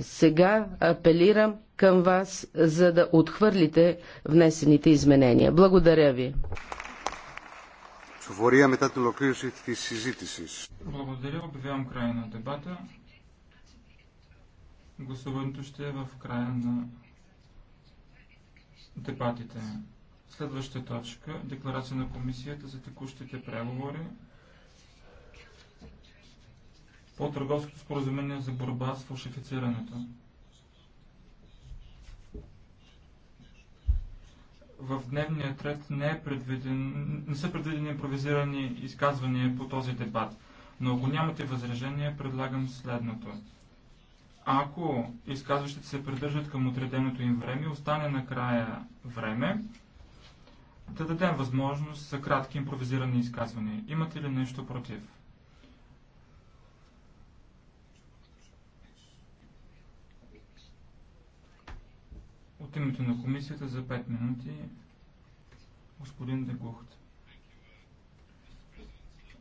сега апелирам към вас, за да отхвърлите внесените изменения. Благодаря ви. Е Благодаря. Обявявам края на дебата. Гласуването ще е в края на дебатите. Следваща точка – декларация на комисията за текущите преговори по търговското споразумение за борба с фалшифицирането. В дневния ред не, е предвиден, не са предвидени импровизирани изказвания по този дебат, но ако нямате възражения, предлагам следното. Ако изказващите се придържат към отреденото им време, остане накрая време, да дадем възможност за кратки импровизирани изказвания. Имате ли нещо против? От името на комисията за 5 минути господин Дегухт.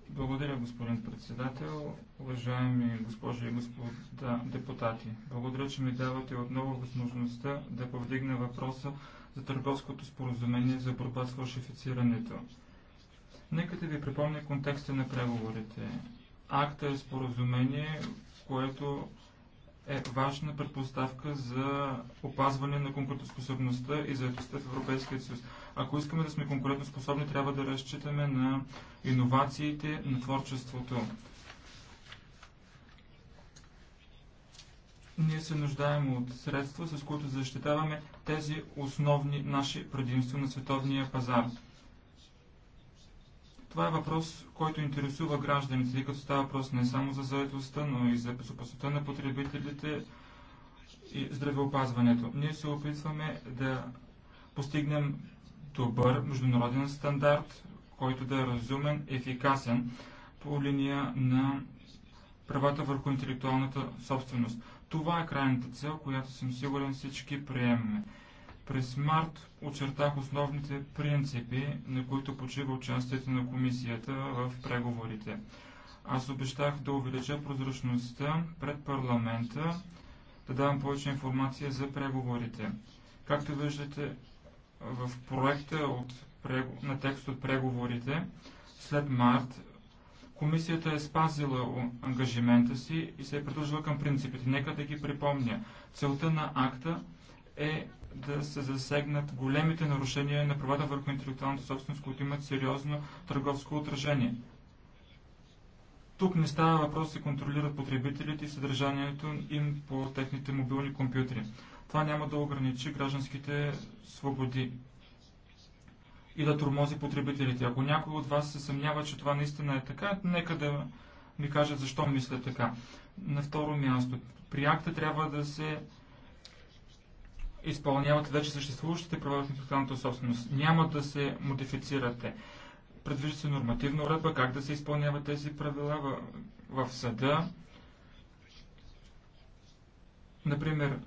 Благодаря, господин председател, уважаеми госпожи и господа депутати. Благодаря, че ми давате отново възможността да повдигна въпроса за търговското споразумение за борба с фалшифицирането. Нека да ви припомня контекста на преговорите. Акта е споразумение, което е важна предпоставка за опазване на конкурентоспособността и заедостта в Европейския съюз. Ако искаме да сме конкурентоспособни, трябва да разчитаме на иновациите, на творчеството. Ние се нуждаем от средства, с които защитаваме тези основни наши предимства на световния пазар. Това е въпрос, който интересува гражданите, тъй като става въпрос не само за заедостта, но и за безопасността на потребителите и здравеопазването. Ние се опитваме да постигнем добър международен стандарт, който да е разумен, ефикасен по линия на правата върху интелектуалната собственост. Това е крайната цел, която съм сигурен всички приемаме. През март очертах основните принципи, на които почива участието на комисията в преговорите. Аз обещах да увелича прозрачността пред парламента, да давам повече информация за преговорите. Както виждате в проекта от, на текст от преговорите, след март Комисията е спазила ангажимента си и се е придържала към принципите. Нека да ги припомня. Целта на акта е да се засегнат големите нарушения на правата върху интелектуалната собственост, които имат сериозно търговско отражение. Тук не става въпрос да се контролират потребителите и съдържанието им по техните мобилни компютри. Това няма да ограничи гражданските свободи и да тормози потребителите. Ако някой от вас се съмнява, че това наистина е така, нека да ми кажат защо мисля така. На второ място, при акта трябва да се изпълнявате вече съществуващите права в интелектуалната собственост. Няма да се модифицирате. Предвижда се нормативна уредба как да се изпълняват тези правила в, в съда. Например,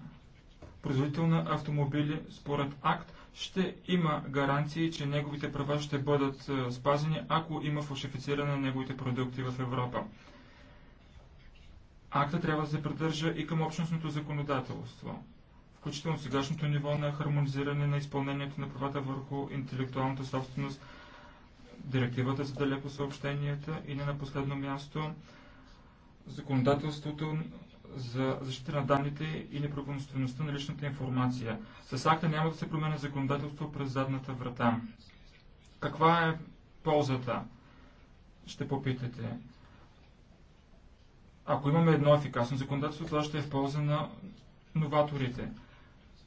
производител на автомобили според акт ще има гаранции, че неговите права ще бъдат е, спазени, ако има фалшифициране на неговите продукти в Европа. Акта трябва да се придържа и към общностното законодателство включително сегашното ниво на хармонизиране на изпълнението на правата върху интелектуалната собственост, директивата за далеко съобщенията и не на последно място законодателството за защита на данните и неправомствеността на личната информация. С акта няма да се променя законодателство през задната врата. Каква е ползата? Ще попитате. Ако имаме едно ефикасно законодателство, това ще е в полза на новаторите.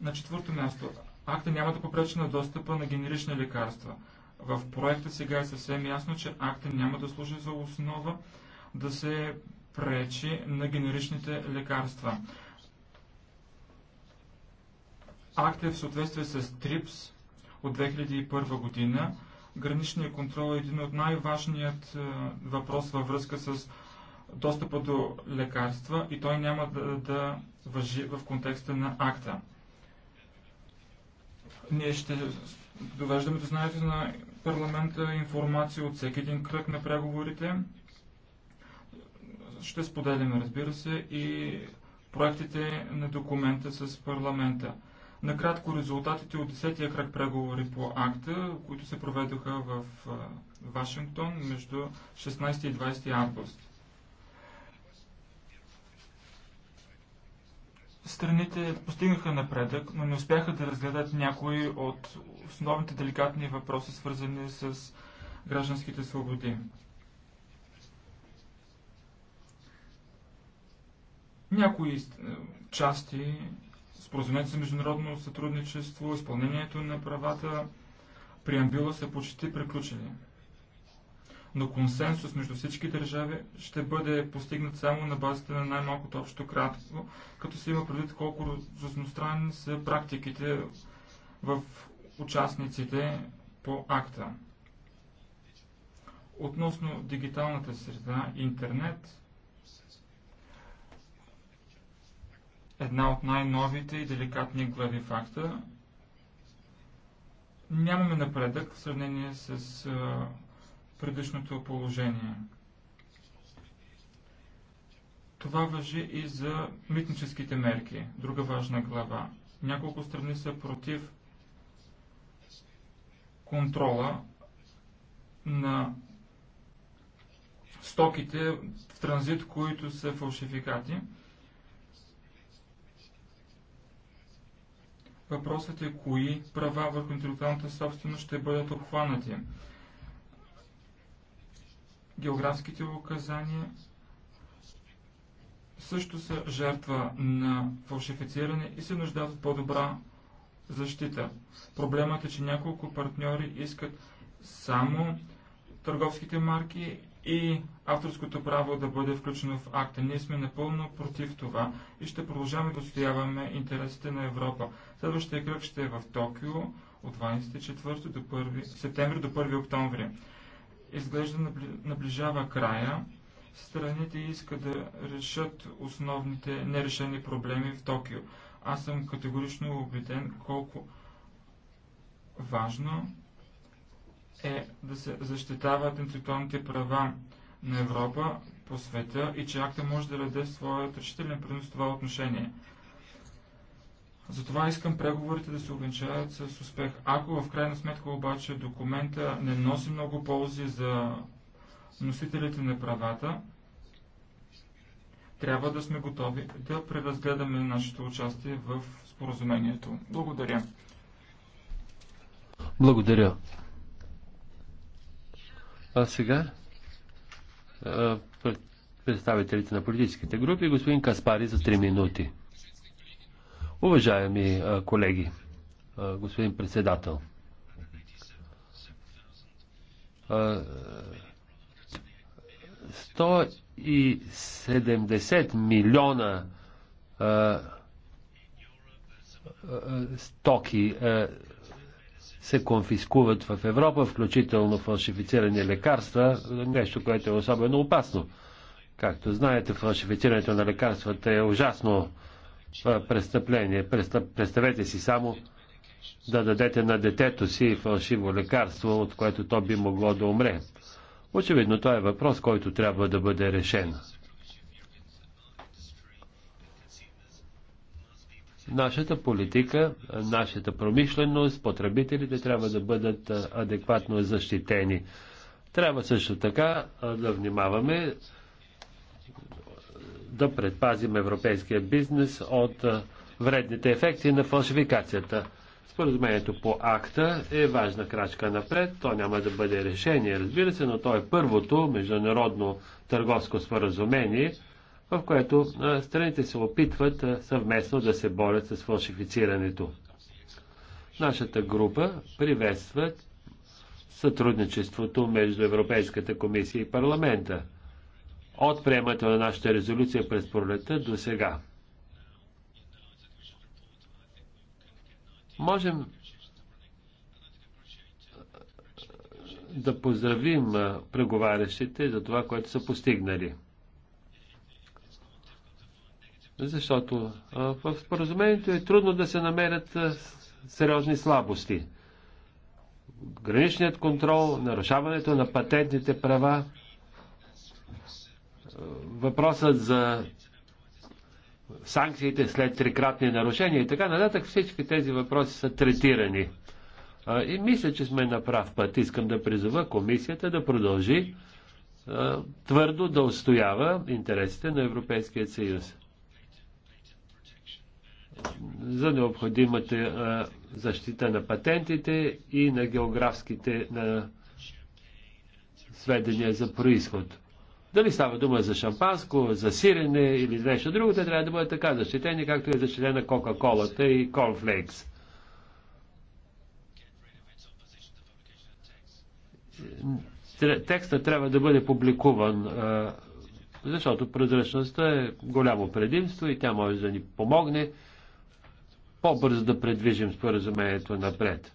На четвърто място, акта няма да попречи на достъпа на генерични лекарства. В проекта сега е съвсем ясно, че акта няма да служи за основа да се пречи на генеричните лекарства. Акта е в съответствие с ТРИПС от 2001 година. Граничният контрол е един от най-важният е, въпрос във връзка с достъпа до лекарства и той няма да, да въжи в контекста на акта. Ние ще довеждаме до знанието на парламента информация от всеки един кръг на преговорите. Ще споделяме, разбира се, и проектите на документа с парламента. Накратко резултатите от 10-я кръг преговори по акта, които се проведоха в Вашингтон между 16 и 20 август. Страните постигнаха напредък, но не успяха да разгледат някои от основните деликатни въпроси, свързани с гражданските свободи. Някои е, части, споразумението за международно сътрудничество, изпълнението на правата, преамбила са почти приключени но консенсус между всички държави ще бъде постигнат само на базата на най-малкото общо кратко, като се има предвид колко разностранни са практиките в участниците по акта. Относно дигиталната среда, интернет, е една от най-новите и деликатни глави в акта, нямаме напредък в сравнение с предишното положение. Това въжи и за митническите мерки, друга важна глава. Няколко страни са против контрола на стоките в транзит, които са фалшификати. Въпросът е кои права върху интелектуалната собственост ще бъдат обхванати географските указания също са жертва на фалшифициране и се нуждаят от по-добра защита. Проблемът е, че няколко партньори искат само търговските марки и авторското право да бъде включено в акта. Ние сме напълно против това и ще продължаваме да отстояваме интересите на Европа. Следващия кръг ще е в Токио от 24 до 1, септември до 1 октомври изглежда наближава края. Страните искат да решат основните нерешени проблеми в Токио. Аз съм категорично убеден колко важно е да се защитават интелектуалните права на Европа по света и че акта може да даде своят решителен принос в това отношение. Затова искам преговорите да се ограничават с успех. Ако в крайна сметка обаче документа не носи много ползи за носителите на правата, трябва да сме готови да преразгледаме нашето участие в споразумението. Благодаря. Благодаря. А сега представителите на политическите групи, господин Каспари за 3 минути. Уважаеми колеги, господин председател, сто и седемдесет милиона стоки се конфискуват в Европа, включително фалшифицирани лекарства, нещо, което е особено опасно. Както знаете, фалшифицирането на лекарствата е ужасно престъпление. Представете си само да дадете на детето си фалшиво лекарство, от което то би могло да умре. Очевидно, това е въпрос, който трябва да бъде решен. Нашата политика, нашата промишленост, потребителите трябва да бъдат адекватно защитени. Трябва също така да внимаваме да предпазим европейския бизнес от вредните ефекти на фалшификацията. Споразумението по акта е важна крачка напред. То няма да бъде решение, разбира се, но то е първото международно търговско споразумение, в което страните се опитват съвместно да се борят с фалшифицирането. Нашата група приветства сътрудничеството между Европейската комисия и парламента от приемането на нашата резолюция през пролета до сега. Можем да поздравим преговарящите за това, което са постигнали. Защото в споразумението е трудно да се намерят сериозни слабости. Граничният контрол, нарушаването на патентните права, въпросът за санкциите след трикратни нарушения и така нататък, всички тези въпроси са третирани. И мисля, че сме на прав път. Искам да призова комисията да продължи твърдо да устоява интересите на Европейския съюз за необходимата защита на патентите и на географските на сведения за происход. Дали става дума за шампанско, за сирене или за нещо друго, те трябва да бъдат така защитени, както е защитена Кока-Колата и Конфлейкс. Текстът трябва да бъде публикуван, защото прозрачността е голямо предимство и тя може да ни помогне по-бързо да предвижим споразумението напред.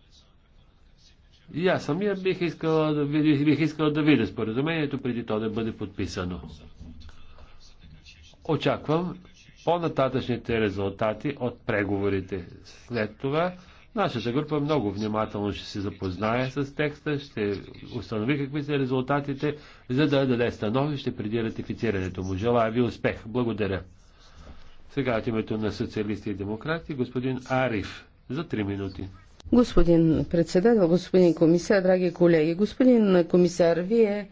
И аз самия бих искал да, бих искал да видя споразумението преди то да бъде подписано. Очаквам по-нататъчните резултати от преговорите. След това нашата група много внимателно ще се запознае с текста, ще установи какви са резултатите, за да даде становище преди ратифицирането му. Желая ви успех. Благодаря. Сега от името на социалисти и демократи, господин Ариф, за 3 минути. Господин председател, господин комисар, драги колеги, господин комисар, вие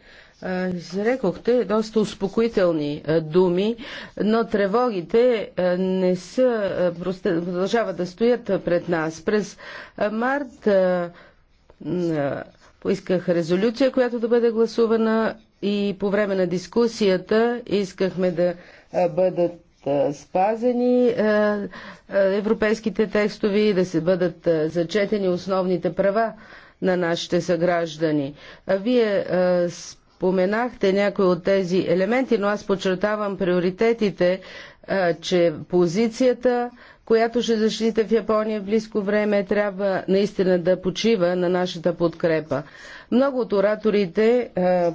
Изрекохте доста успокоителни думи, но тревогите не са, продължават да стоят пред нас. През март поисках резолюция, която да бъде гласувана и по време на дискусията искахме да бъдат спазени европейските текстови и да се бъдат зачетени основните права на нашите съграждани. Вие споменахте някои от тези елементи, но аз подчертавам приоритетите че позицията, която ще защита в Япония в близко време, трябва наистина да почива на нашата подкрепа. Много от ораторите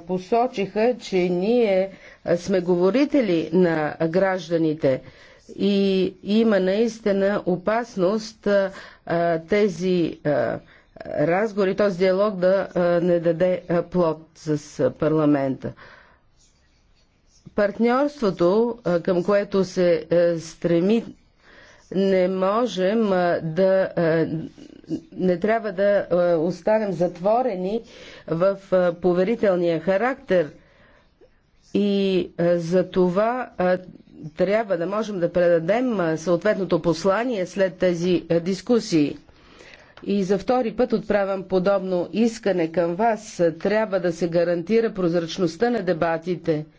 посочиха, че ние сме говорители на гражданите и има наистина опасност тези разговори, този диалог да не даде плод с парламента. Партньорството, към което се стреми, не можем да. Не трябва да останем затворени в поверителния характер и за това трябва да можем да предадем съответното послание след тези дискусии. И за втори път отправям подобно искане към вас. Трябва да се гарантира прозрачността на дебатите –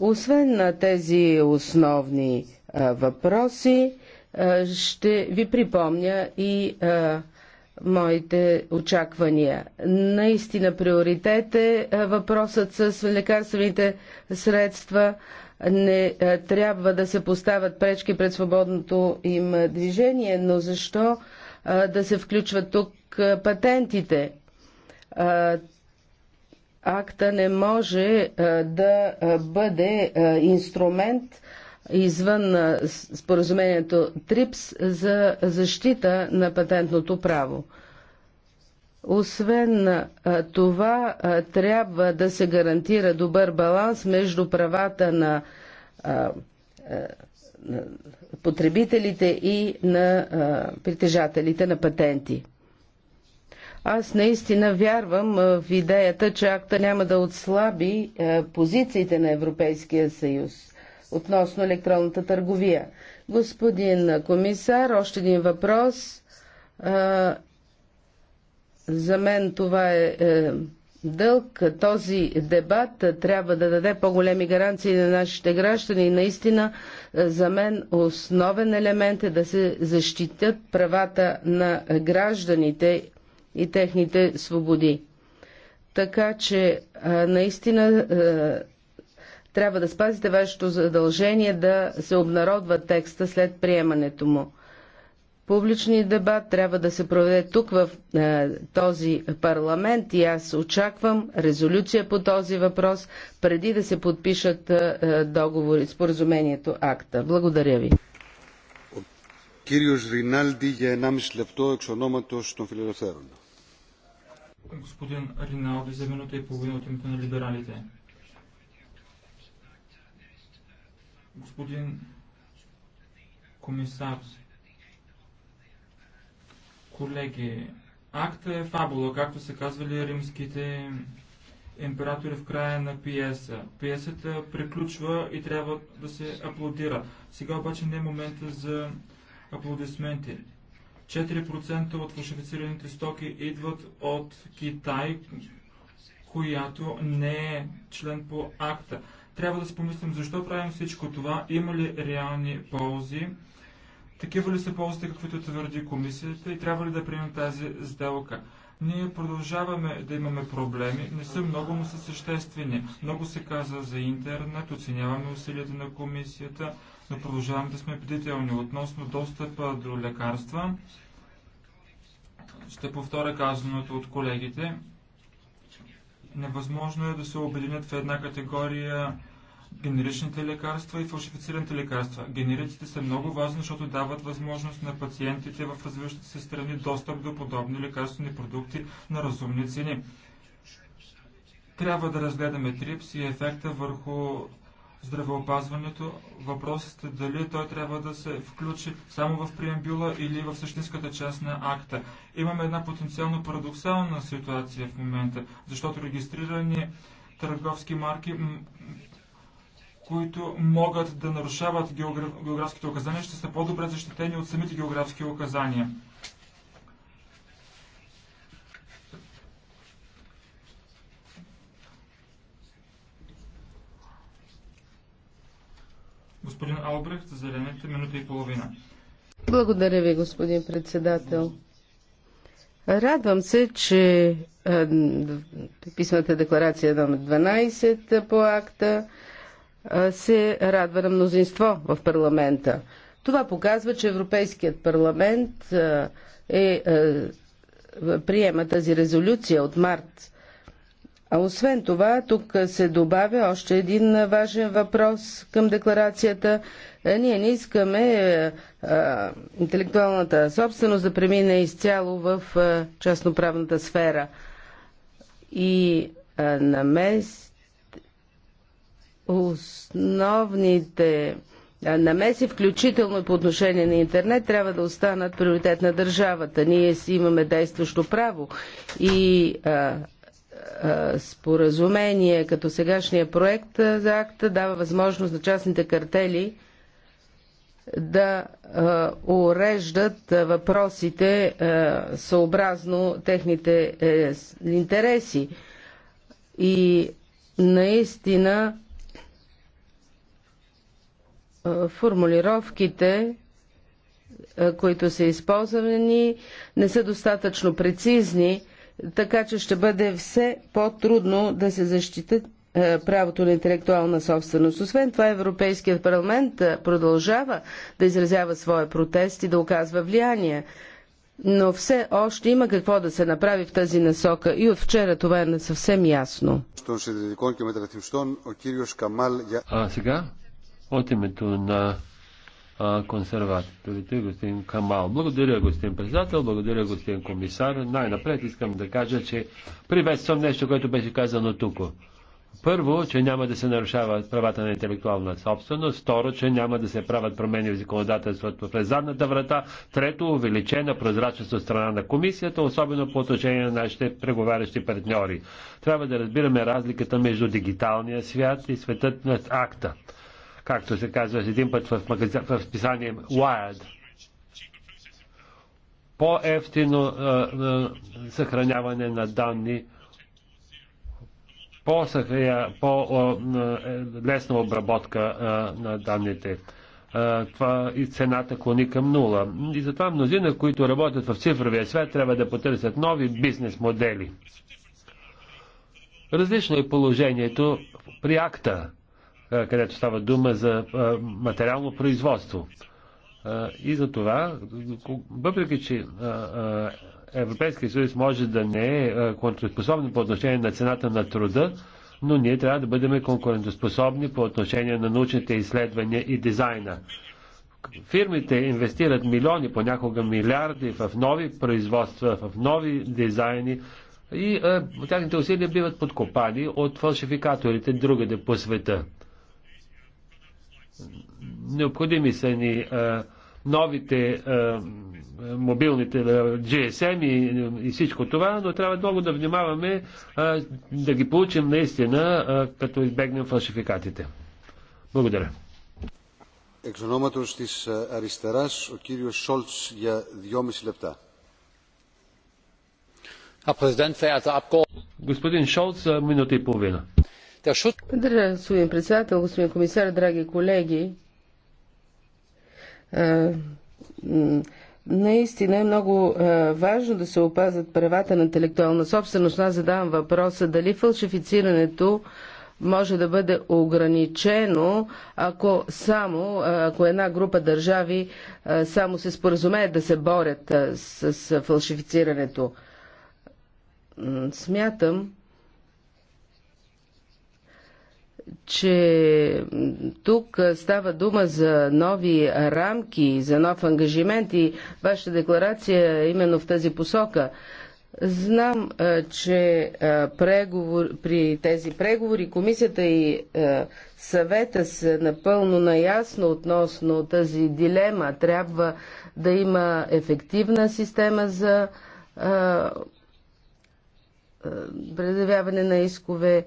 освен на тези основни въпроси, ще ви припомня и моите очаквания. Наистина приоритет е въпросът с лекарствените средства. Не трябва да се поставят пречки пред свободното им движение, но защо да се включват тук патентите? акта не може да бъде инструмент извън споразумението ТРИПС за защита на патентното право. Освен това, трябва да се гарантира добър баланс между правата на потребителите и на притежателите на патенти. Аз наистина вярвам в идеята, че акта няма да отслаби позициите на Европейския съюз относно електронната търговия. Господин комисар, още един въпрос. За мен това е, е дълг. Този дебат трябва да даде по-големи гаранции на нашите граждани. Наистина, е, за мен основен елемент е да се защитят правата на гражданите и техните свободи. Така че наистина трябва да спазите вашето задължение да се обнародва текста след приемането му. Публичният дебат трябва да се проведе тук в този парламент и аз очаквам резолюция по този въпрос преди да се подпишат договори, споразумението акта. Благодаря ви. Господин Риналди за минута и половина от името на либералите. Господин комисар, колеги, акта е фабула, както са казвали римските императори в края на пиеса. Пиесата приключва и трябва да се аплодира. Сега обаче не е момента за Аплодисменти. 4% от фалшифицираните стоки идват от Китай, която не е член по акта. Трябва да спомислим помислим защо правим всичко това, има ли реални ползи, такива ли са ползите, каквито твърди комисията и трябва ли да приемем тази сделка. Ние продължаваме да имаме проблеми, не са много, но са съществени. Много се каза за интернет, оценяваме усилията на комисията, да продължаваме да сме бдителни относно достъпа до лекарства. Ще повторя казаното от колегите. Невъзможно е да се обединят в една категория генеричните лекарства и фалшифицираните лекарства. Генериците са много важни, защото дават възможност на пациентите в развиващите се страни достъп до подобни лекарствени продукти на разумни цени. Трябва да разгледаме ТРИПС и ефекта върху здравеопазването. Въпросът е дали той трябва да се включи само в преамбюла или в същинската част на акта. Имаме една потенциално парадоксална ситуация в момента, защото регистрирани търговски марки които могат да нарушават географските указания, ще са по-добре защитени от самите географски указания. Господин Албрехт, за зелените минута и половина. Благодаря ви, господин председател. Радвам се, че е, писмата декларация номер 12 по акта е, се радва на мнозинство в парламента. Това показва, че Европейският парламент е, е, приема тази резолюция от март а освен това, тук се добавя още един важен въпрос към декларацията. Е, ние не искаме е, а, интелектуалната собственост да премине изцяло в а, е, частноправната сфера. И а, на мест основните намеси, включително и по отношение на интернет, трябва да останат приоритет на държавата. Ние си имаме действащо право и а, споразумение, като сегашния проект за акта, дава възможност на частните картели да уреждат въпросите съобразно техните е, интереси. И наистина формулировките, които са използвани, не са достатъчно прецизни така че ще бъде все по-трудно да се защита е, правото на интелектуална собственост. Освен това, Европейският парламент е, продължава да изразява своя протест и да оказва влияние. Но все още има какво да се направи в тази насока и от вчера това е съвсем ясно. А сега, от името на консерваторите, господин Камал. Благодаря, господин председател, благодаря, господин комисар. Най-напред искам да кажа, че приветствам нещо, което беше казано тук. Първо, че няма да се нарушават правата на интелектуална собственост. Второ, че няма да се правят промени в законодателството през задната врата. Трето, увеличена прозрачност от страна на комисията, особено по отношение на нашите преговарящи партньори. Трябва да разбираме разликата между дигиталния свят и светът на акта както се казва един път в, магаз... в писание Wired. По-ефтино е, е, съхраняване на данни, по-лесна по, е, лесна обработка а, на данните. А, това и цената клони към нула. И затова мнозина, които работят в цифровия свят, трябва да потърсят нови бизнес модели. Различно е положението при акта където става дума за материално производство. И за това, въпреки че Европейския съюз може да не е конкурентоспособен по отношение на цената на труда, но ние трябва да бъдем конкурентоспособни по отношение на научните изследвания и дизайна. Фирмите инвестират милиони, понякога милиарди в нови производства, в нови дизайни и е, тяхните усилия биват подкопани от фалшификаторите другаде по света. Необходими са ни а, новите а, мобилните а, GSM и, и всичко това, но трябва много да внимаваме а, да ги получим наистина, а, като избегнем фалшификатите. Благодаря. Εξ ονόματος της αριστεράς, кирио Шолц, я 2,5 лепта. Господин Шолц, минута и половина. Благодаря, господин председател, господин комисар, драги колеги. Наистина е много важно да се опазят правата на интелектуална собственост. Аз задавам въпроса дали фалшифицирането може да бъде ограничено, ако само, ако една група държави само се споразумеят да се борят с фалшифицирането. Смятам, че тук става дума за нови рамки, за нов ангажимент и вашата декларация е именно в тази посока. Знам, че преговор, при тези преговори комисията и съвета са напълно наясно относно тази дилема. Трябва да има ефективна система за предявяване на искове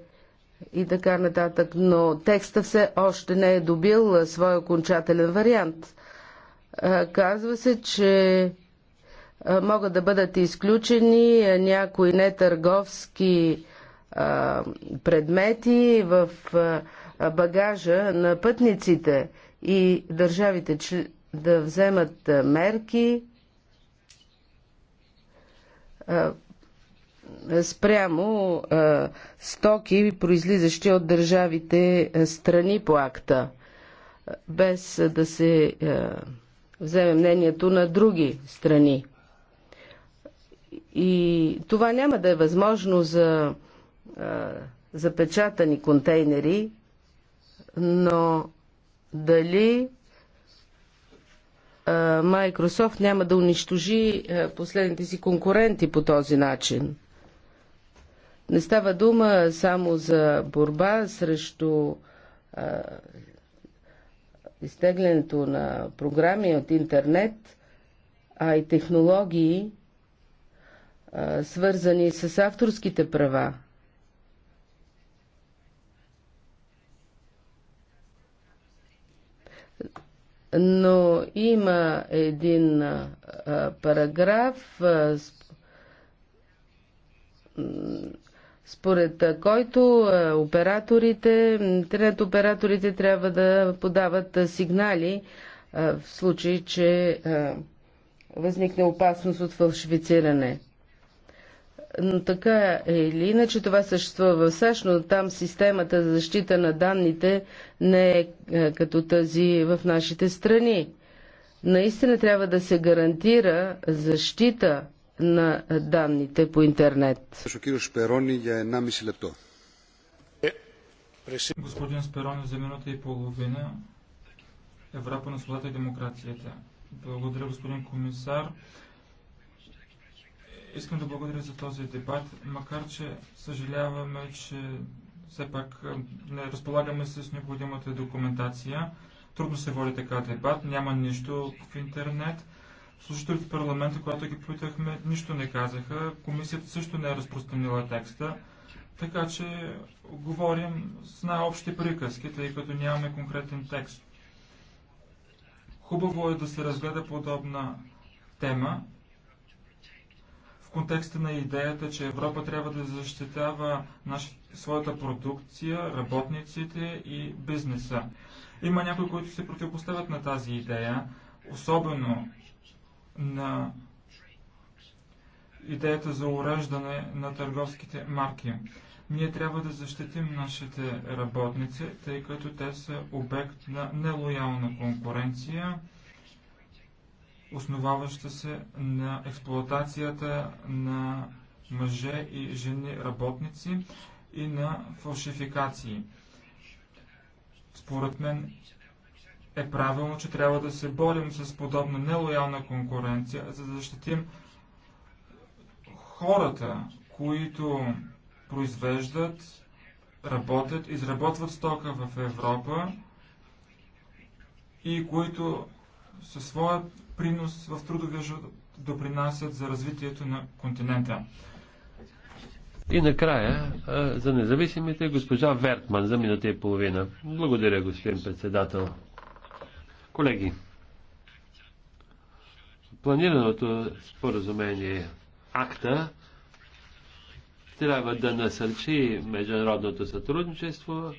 и така нататък, но текста все още не е добил своя окончателен вариант. Казва се, че могат да бъдат изключени някои нетърговски предмети в багажа на пътниците и държавите да вземат мерки спрямо а, стоки, произлизащи от държавите страни по акта, без да се а, вземе мнението на други страни. И това няма да е възможно за а, запечатани контейнери, но дали Microsoft няма да унищожи последните си конкуренти по този начин. Не става дума само за борба срещу а, изтеглянето на програми от интернет, а и технологии, а, свързани с авторските права. но има един а, параграф, а, според който е, операторите, интернет операторите трябва да подават е, сигнали е, в случай, че възникне опасност от фалшифициране. Но така или иначе това съществува в САЩ, но там системата за защита на данните не е като тази в нашите страни. Наистина трябва да се гарантира защита на данните по интернет. Е, господин Сперони, за минута и половина Европа на свободата и демокрацията. Благодаря, господин комисар. Искам да благодаря за този дебат, макар че съжаляваме, че все пак е, не разполагаме с необходимата документация. Трудно се води така дебат, няма нищо в интернет. Слушателите в парламента, когато ги попитахме, нищо не казаха. Комисията също не е разпространила текста. Така че говорим с най-общи приказки, тъй като нямаме конкретен текст. Хубаво е да се разгледа подобна тема в контекста на идеята, че Европа трябва да защитава наш... своята продукция, работниците и бизнеса. Има някои, които се противопоставят на тази идея, особено на идеята за уреждане на търговските марки. Ние трябва да защитим нашите работници, тъй като те са обект на нелоялна конкуренция, основаваща се на експлоатацията на мъже и жени работници и на фалшификации. Според мен е правилно, че трябва да се борим с подобна нелоялна конкуренция, за да защитим хората, които произвеждат, работят, изработват стока в Европа и които със своя принос в трудовия живот допринасят за развитието на континента. И накрая, за независимите, госпожа Вертман за минута и половина. Благодаря, господин председател. Колеги, планираното споразумение АКТА трябва да насърчи международното сътрудничество,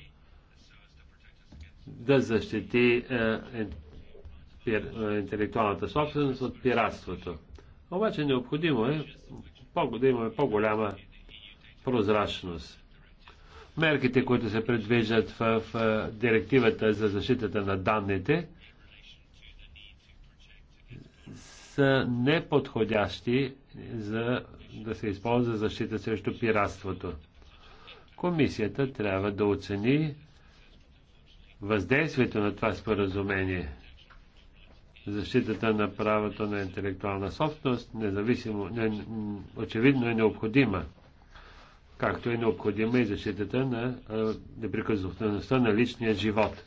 да защити е, интелектуалната собственост от пиратството. Обаче необходимо е да имаме по-голяма прозрачност. Мерките, които се предвиждат в, в е, директивата за защитата на данните, са неподходящи за да се използва защита срещу пиратството. Комисията трябва да оцени въздействието на това споразумение. Защитата на правото на интелектуална собственост независимо, не, очевидно е необходима, както е необходима и защитата на неприказността на личния живот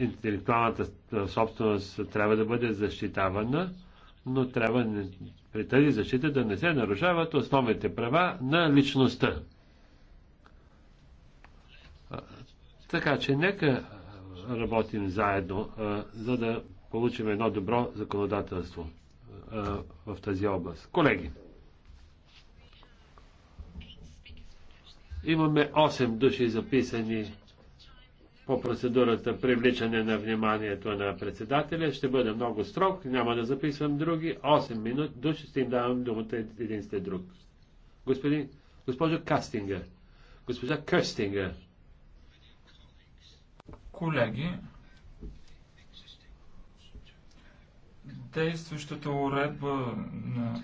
интелектуалната собственост трябва да бъде защитавана, но трябва при тази защита да не се нарушават основните права на личността. Така че нека работим заедно, за да получим едно добро законодателство в тази област. Колеги, имаме 8 души записани по процедурата привличане на вниманието на председателя. Ще бъда много строг, няма да записвам други. 8 минути, души ще им давам думата един след друг. Господин, госпожа Кастингер, госпожа Къстингер. Колеги, действащата уредба на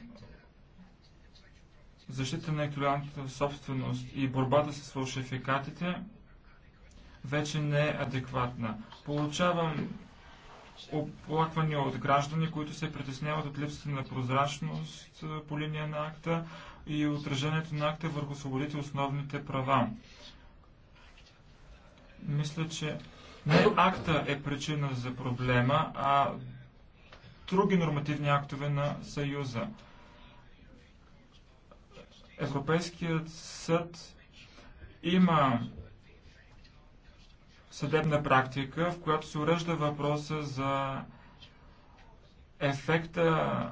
защита на интелектуалната собственост и борбата с фалшификатите – вече не е адекватна. Получавам оплаквания от граждани, които се притесняват от липсата на прозрачност по линия на акта и отражението на акта върху свободите и основните права. Мисля, че не акта е причина за проблема, а други нормативни актове на Съюза. Европейският съд има съдебна практика, в която се урежда въпроса за ефекта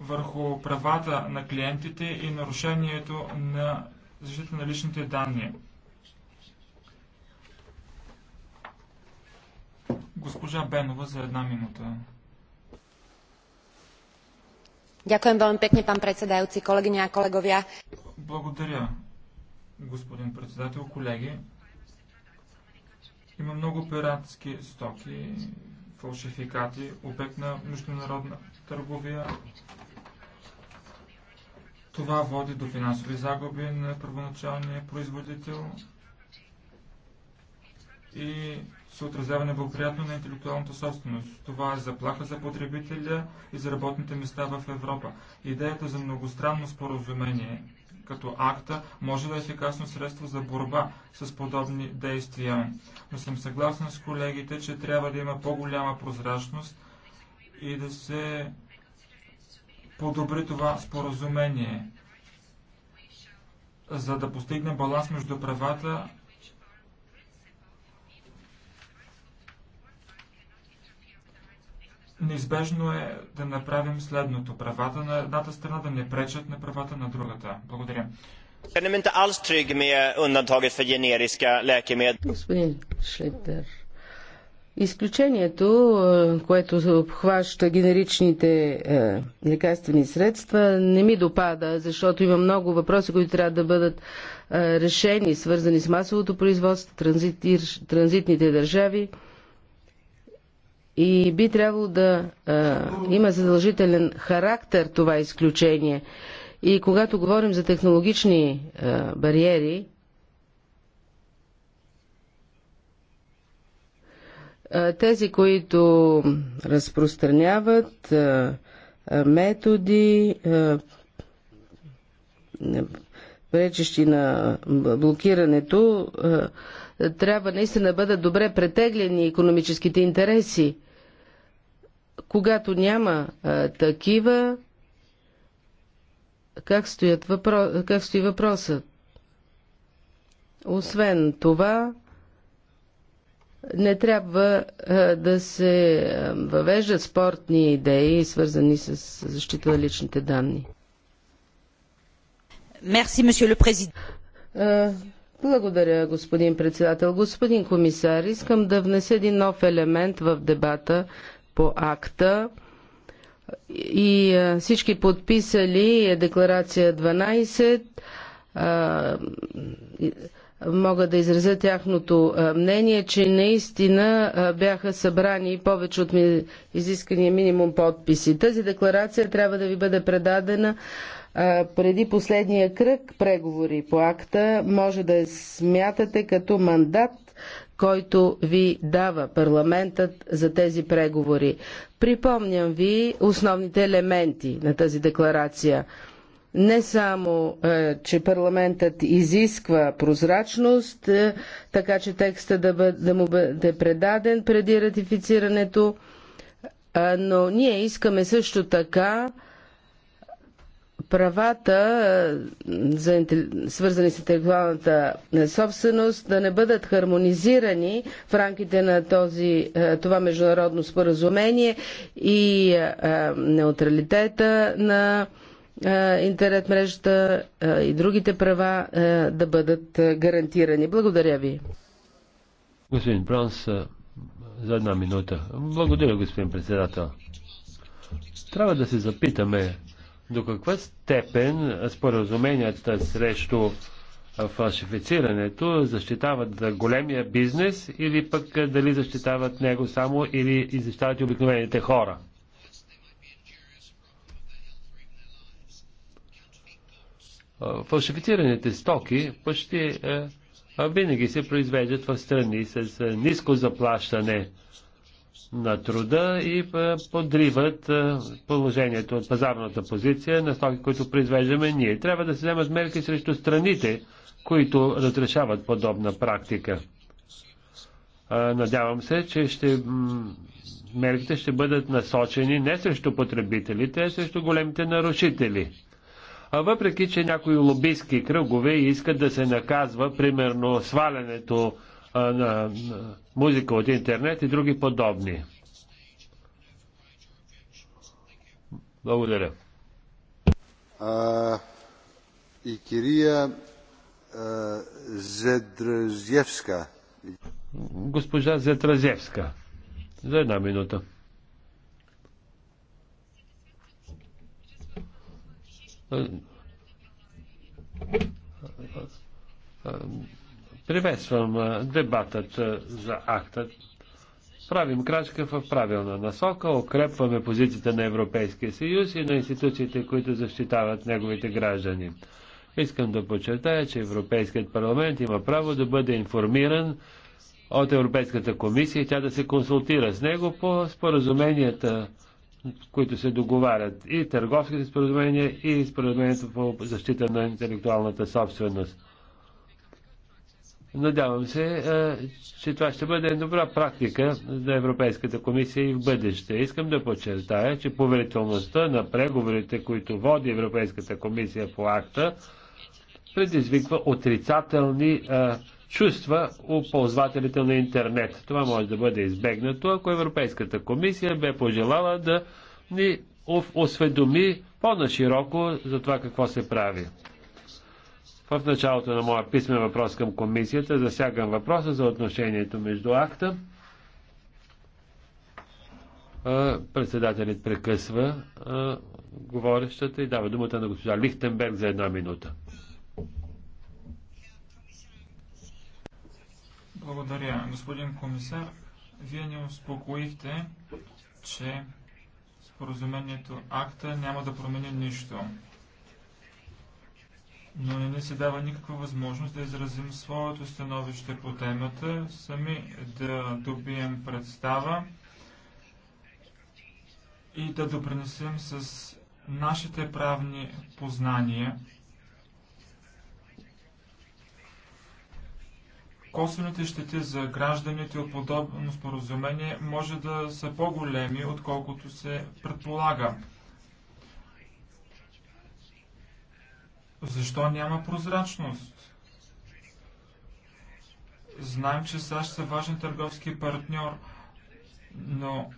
върху правата на клиентите и нарушението на защита на личните данни. Госпожа Бенова за една минута. Ďakujem veľmi pekne, pán predsedajúci, kolegyne a kolegovia. Благодаря, господин председател, колеги. Има много пиратски стоки, фалшификати, обект на международна търговия. Това води до финансови загуби на първоначалния производител и се отразява неблагоприятно на интелектуалната собственост. Това е заплаха за потребителя и за работните места в Европа. Идеята за многостранно споразумение като акта може да е ефикасно средство за борба с подобни действия. Но съм съгласен с колегите, че трябва да има по-голяма прозрачност и да се подобри това споразумение, за да постигне баланс между правата Неизбежно е да направим следното. Правата на едната страна да не пречат на правата на другата. Благодаря. Господин Шлейтер, изключението, което обхваща генеричните е, лекарствени средства, не ми допада, защото има много въпроси, които трябва да бъдат е, решени, свързани с масовото производство, транзит, транзитните държави и би трябвало да а, има задължителен характер това изключение. И когато говорим за технологични а, бариери, а, тези, които разпространяват а, а, методи, а, пречещи на блокирането, а, трябва наистина да бъдат добре претеглени економическите интереси когато няма а, такива, как, стоят въпро... как стои въпросът? Освен това, не трябва а, да се а, въвеждат спортни идеи, свързани с защита на личните данни. Мерси, Благодаря, господин председател. Господин комисар, искам да внеса един нов елемент в дебата по акта и всички подписали е декларация 12 мога да изразя тяхното мнение, че наистина бяха събрани повече от изискания минимум подписи. Тази декларация трябва да ви бъде предадена преди последния кръг преговори по акта. Може да я смятате като мандат който ви дава парламентът за тези преговори. Припомням ви основните елементи на тази декларация. Не само, е, че парламентът изисква прозрачност, е, така че текста да, бъде, да му бъде предаден преди ратифицирането, но ние искаме също така правата, за свързани с интелектуалната собственост, да не бъдат хармонизирани в рамките на този, това международно споразумение и неутралитета на интернет мрежата и другите права да бъдат гарантирани. Благодаря ви. Господин Бранс, за една минута. Благодаря, господин председател. Трябва да се запитаме до каква степен споразуменията срещу фалшифицирането защитават големия бизнес или пък дали защитават него само или защитават и обикновените хора? Фалшифицираните стоки почти винаги се произвеждат в страни с ниско заплащане на труда и подриват положението от пазарната позиция на стоки, които произвеждаме ние. Трябва да се вземат мерки срещу страните, които разрешават подобна практика. Надявам се, че ще, мерките ще бъдат насочени не срещу потребителите, а срещу големите нарушители. А въпреки, че някои лобистки кръгове искат да се наказва, примерно свалянето на, музика от интернет и други подобни. Благодаря. А, и кирия а, Зедразевска. Госпожа Зедразевска. За една минута. А, Приветствам дебатът за акта. Правим крачка в правилна насока, укрепваме позицията на Европейския съюз и на институциите, които защитават неговите граждани. Искам да подчертая, че Европейският парламент има право да бъде информиран от Европейската комисия и тя да се консултира с него по споразуменията, които се договарят и търговските споразумения, и споразумението по защита на интелектуалната собственост. Надявам се, е, че това ще бъде добра практика за Европейската комисия и в бъдеще. Искам да подчертая, че поверителността на преговорите, които води Европейската комисия по акта, предизвиква отрицателни а, е, чувства у ползвателите на интернет. Това може да бъде избегнато, ако Европейската комисия бе пожелала да ни осведоми по-нашироко за това какво се прави. В началото на моя писмен въпрос към комисията засягам въпроса за отношението между акта. Председателят прекъсва говорещата и дава думата на госпожа Лихтенберг за една минута. Благодаря, господин комисар. Вие ни успокоихте, че споразумението акта няма да промени нищо но не ни се дава никаква възможност да изразим своето становище по темата, сами да добием представа и да допринесем с нашите правни познания. Косвените щети за гражданите от подобно споразумение може да са по-големи, отколкото се предполага. Защо няма прозрачност? Знаем, че САЩ са важен търговски партньор, но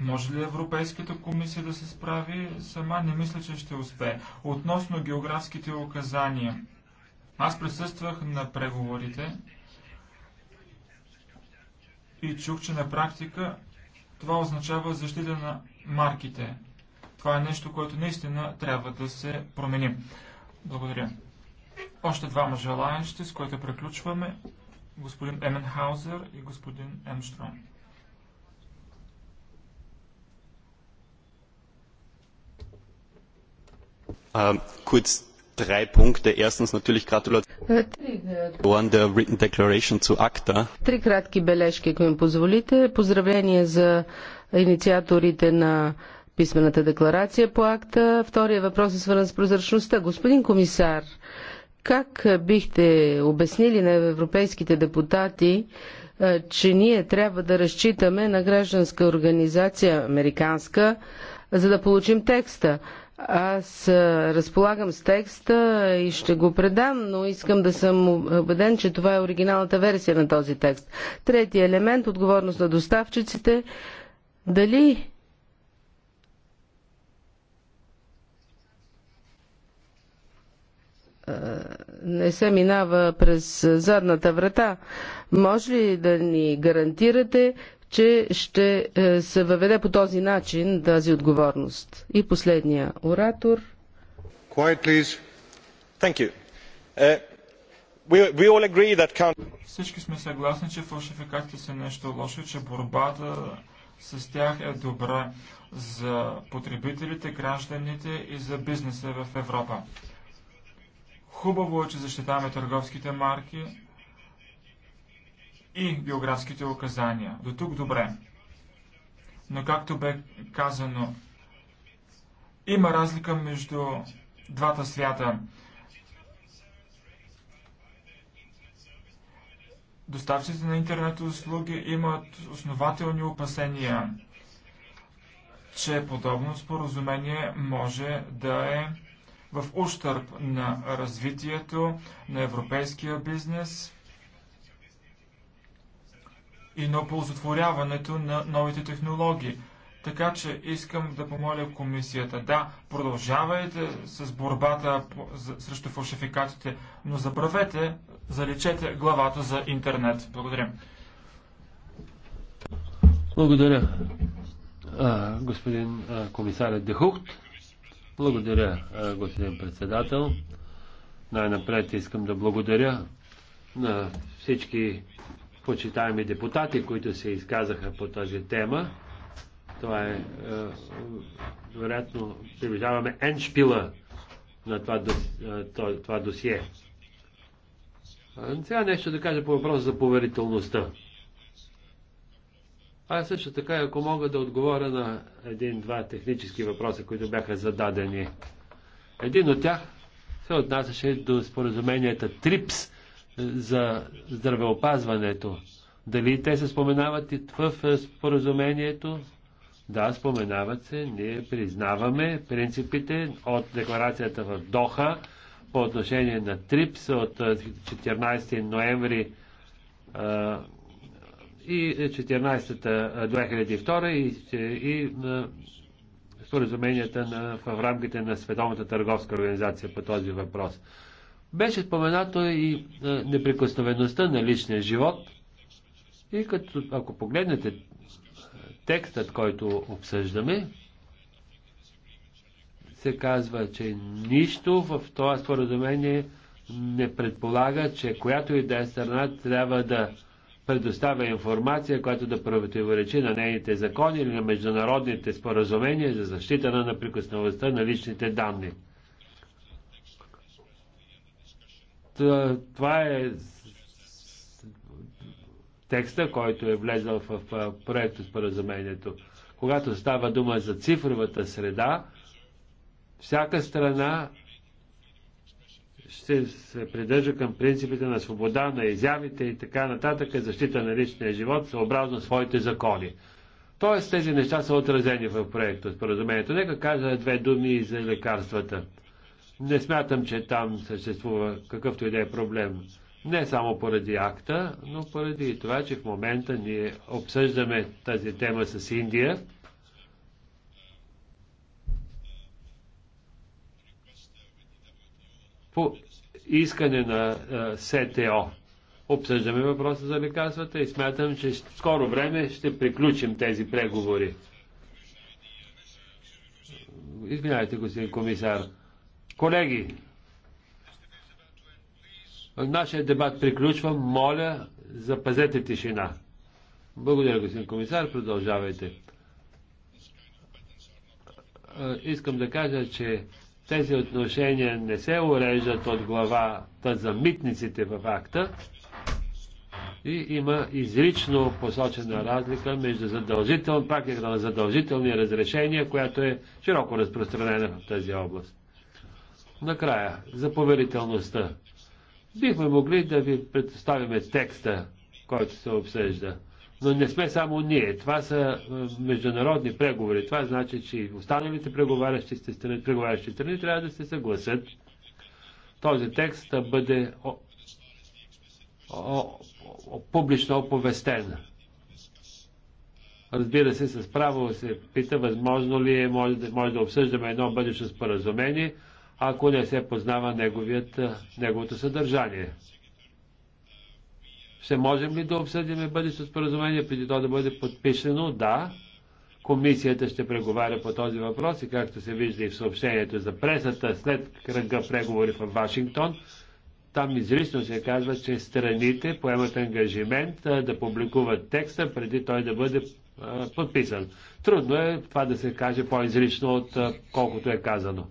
може ли Европейската комисия да се справи сама? Не мисля, че ще успее. Относно географските указания. Аз присъствах на преговорите и чух, че на практика това означава защита на марките. Това е нещо, което наистина трябва да се промени. Благодаря. Още двама желаящи, с които приключваме. Господин Еменхаузер и господин Емштрон. Uh, kurz drei Punkte. Erstens natürlich Gratulation der Written Declaration zu ACTA. Три кратки бележки, ако им позволите. Поздравление за инициаторите на uh, писмената декларация по акта. Втория въпрос е свързан с прозрачността. Господин комисар, как бихте обяснили на европейските депутати, че ние трябва да разчитаме на гражданска организация американска, за да получим текста? Аз разполагам с текста и ще го предам, но искам да съм убеден, че това е оригиналната версия на този текст. Третия елемент отговорност на доставчиците. Дали Е, не се минава през задната врата. Може ли да ни гарантирате, че ще е, се въведе по този начин тази отговорност? И последния оратор. Quiet, uh, That... Всички сме съгласни, че фалшификатите са нещо лошо, че борбата с тях е добра за потребителите, гражданите и за бизнеса в Европа. Хубаво е, че защитаваме търговските марки и биографските указания. До тук добре. Но както бе казано, има разлика между двата свята. Доставчиците на интернет услуги имат основателни опасения, че подобно споразумение може да е в ущърп на развитието на европейския бизнес и на ползотворяването на новите технологии. Така че искам да помоля комисията. Да, продължавайте с борбата срещу фалшификатите, но забравете, залечете главата за интернет. Благодаря. Благодаря, а, господин а, комисарят Дехухт. Благодаря, господин председател. Най-напред искам да благодаря на всички почитаеми депутати, които се изказаха по тази тема. Това е, е вероятно, приближаваме еншпила на това, това досие. Сега нещо да кажа по въпроса за поверителността. Аз също така, ако мога да отговоря на един-два технически въпроса, които бяха зададени. Един от тях се отнасяше до споразуменията ТРИПС е, за здравеопазването. Дали те се споменават и в е, споразумението? Да, споменават се. Ние признаваме принципите от декларацията в Доха по отношение на ТРИПС от 14 е, ноември и 14-та 2002 и, и на споразуменията на, в рамките на Световната търговска организация по този въпрос. Беше споменато и неприкосновеността на личния живот и като, ако погледнете текстът, който обсъждаме, се казва, че нищо в това споразумение не предполага, че която и да е страна трябва да предоставя информация, която да противоречи на нейните закони или на международните споразумения за защита на неприкосновеността на личните данни. Това е текста, който е влезъл в проекта споразумението. Когато става дума за цифровата среда, всяка страна ще се придържа към принципите на свобода, на изявите и така нататък, защита на личния живот, съобразно своите закони. Тоест тези неща са отразени в проекта споразумението. Нека кажа две думи и за лекарствата. Не смятам, че там съществува какъвто и да е проблем. Не само поради акта, но поради това, че в момента ние обсъждаме тази тема с Индия по искане на СТО. Обсъждаме въпроса за лекарствата и смятам, че в скоро време ще приключим тези преговори. Извинявайте, господин комисар. Колеги, нашия дебат приключва. Моля, запазете тишина. Благодаря, господин комисар. Продължавайте. Искам да кажа, че тези отношения не се уреждат от главата за митниците в акта и има изрично посочена разлика между пак практиката е на задължителни разрешения, която е широко разпространена в тази област. Накрая, за поверителността. Бихме могли да ви представим текста, който се обсъжда. Но не сме само ние. Това са е, международни преговори. Това значи, че останалите преговарящи страни, преговарящи страни трябва да се съгласят този текст да бъде о, о, о, публично оповестен. Разбира се, с право се пита, възможно ли е, може да, може да обсъждаме едно бъдещо споразумение, ако не се познава неговият, е, неговото съдържание. Ще можем ли да обсъдим бъдещо споразумение, преди то да бъде подписано? Да. Комисията ще преговаря по този въпрос и както се вижда и в съобщението за пресата след кръга преговори в Вашингтон, там изрично се казва, че страните поемат ангажимент да публикуват текста преди той да бъде подписан. Трудно е това да се каже по-изрично от колкото е казано.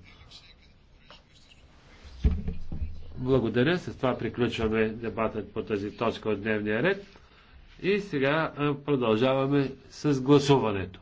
Благодаря. С това приключваме дебатът по тази точка от дневния ред. И сега продължаваме с гласуването.